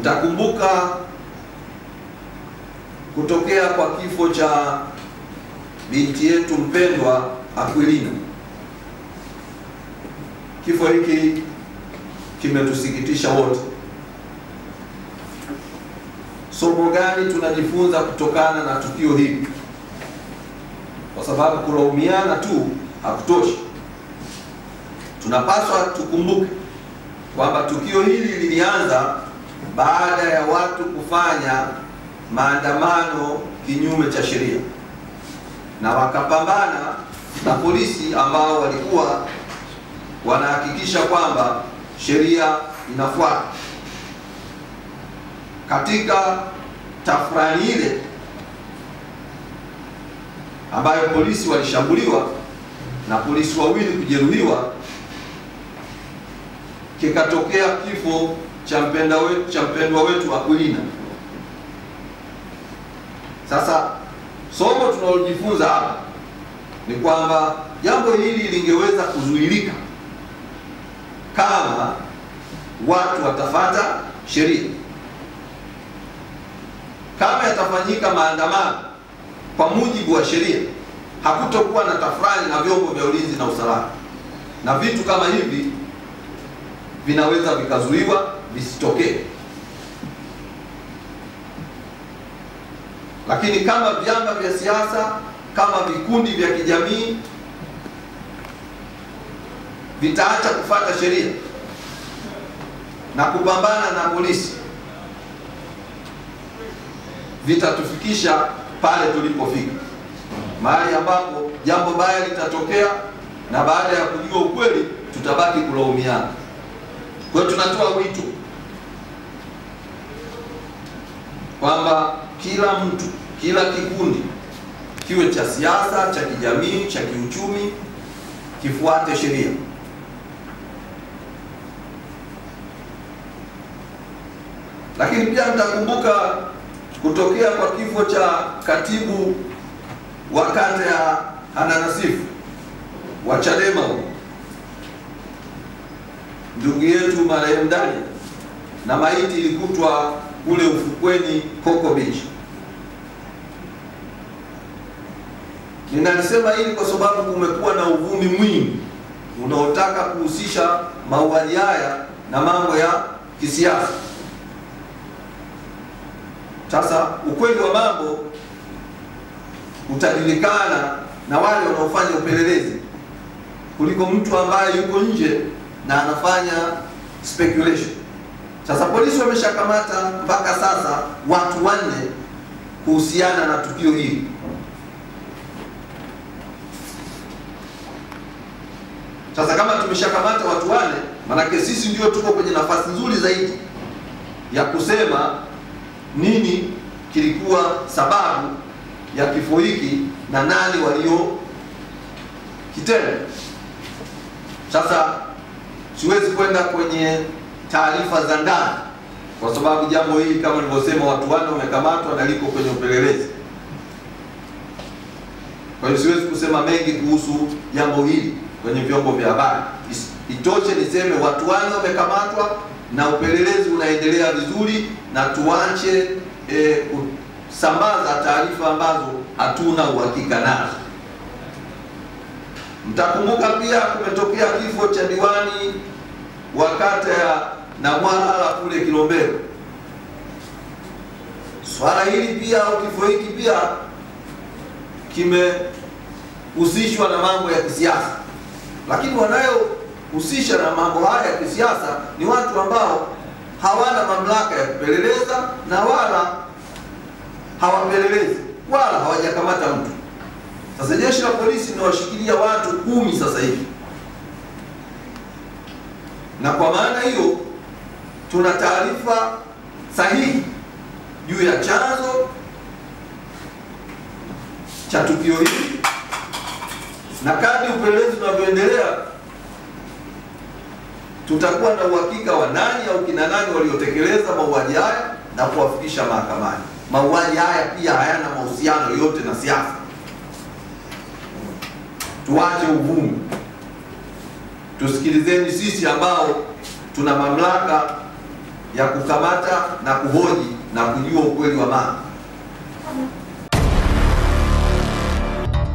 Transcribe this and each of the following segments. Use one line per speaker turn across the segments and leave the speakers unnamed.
Mtakumbuka kutokea kwa kifo cha binti yetu mpendwa Akwilina. Kifo hiki kimetusikitisha wote. Somo gani tunajifunza kutokana na tukio hili? Kwa sababu kulaumiana tu hakutoshi, tunapaswa tukumbuke kwamba tukio hili lilianza baada ya watu kufanya maandamano kinyume cha sheria na wakapambana na polisi ambao walikuwa wanahakikisha kwamba sheria inafuata. Katika tafrani ile ambayo polisi walishambuliwa na polisi wawili kujeruhiwa, kikatokea kifo cha mpendwa wetu Akwilina. Sasa somo tunalojifunza hapa ni kwamba jambo hili lingeweza kuzuilika kama watu watafata sheria, kama yatafanyika maandamano kwa mujibu wa sheria, hakutokuwa na tafrani na vyombo vya ulinzi na usalama, na vitu kama hivi vinaweza vikazuiwa visitokee. Lakini kama vyama vya siasa, kama vikundi vya kijamii vitaacha kufuata sheria na kupambana na polisi, vitatufikisha pale tulipofika, mahali ambapo jambo baya litatokea, na baada ya kujua ukweli tutabaki kulaumiana. Kwa hiyo tunatoa wito kwamba kila mtu, kila kikundi kiwe cha siasa, cha kijamii, cha kiuchumi kifuate sheria. Lakini pia mtakumbuka kutokea kwa kifo cha katibu wa kata ya Hananasifu wa Chadema ndugu yetu marehemu Dani, na maiti ilikutwa kule ufukweni Coco Beach. Ninasema hili kwa sababu kumekuwa na uvumi mwingi unaotaka kuhusisha mauaji haya na mambo ya kisiasa. Sasa ukweli wa mambo utajulikana na wale wanaofanya upelelezi kuliko mtu ambaye yuko nje na anafanya speculation. Sasa polisi wameshakamata mpaka sasa watu wanne kuhusiana na tukio hili. Sasa kama tumeshakamata watu wale, manake sisi ndio tuko kwenye nafasi nzuri zaidi ya kusema nini kilikuwa sababu ya kifo hiki na nani walio kitendo. Sasa siwezi kwenda kwenye taarifa za ndani, kwa sababu jambo hili kama nilivyosema, watu wanne wamekamatwa na liko kwenye upelelezi. Kwa hiyo siwezi kusema mengi kuhusu jambo hili kwenye vyombo vya habari. Itoshe niseme watu wanne wamekamatwa na upelelezi unaendelea vizuri, na tuache e, kusambaza taarifa ambazo hatuna uhakika nazo. Mtakumbuka pia kumetokea kifo cha diwani wa kata ya na Mwalala kule Kilombero. Swala hili pia au kifo hiki pia kimehusishwa na mambo ya kisiasa, lakini wanayohusisha na mambo haya ya kisiasa ni watu ambao hawana mamlaka ya kupeleleza na wala hawapelelezi wala hawajakamata mtu. Sasa jeshi la polisi linawashikilia watu kumi sasa hivi, na kwa maana hiyo tuna taarifa sahihi juu ya chanzo cha tukio hili, na kadi upelelezi unavyoendelea tutakuwa na uhakika wa nani au kina nani waliotekeleza mauaji haya na kuwafikisha mahakamani. Mauaji haya pia hayana mahusiano yote na siasa. Tuache uvumu tusikilizeni sisi ambao tuna mamlaka ya kukamata na kuhoji na kujua ukweli wa mambo.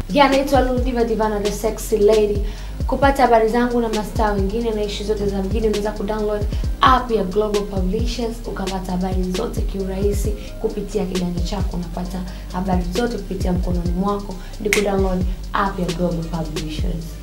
Yeah, naitwa Ludiva Divana the sexy lady. Kupata habari zangu na mastaa wengine na ishi zote za mjini, unaweza kudownload app ya Global Publishers ukapata habari zote kiurahisi kupitia kiganja chako. Unapata habari zote kupitia mkononi mwako, ni kudownload app ya Global Publishers.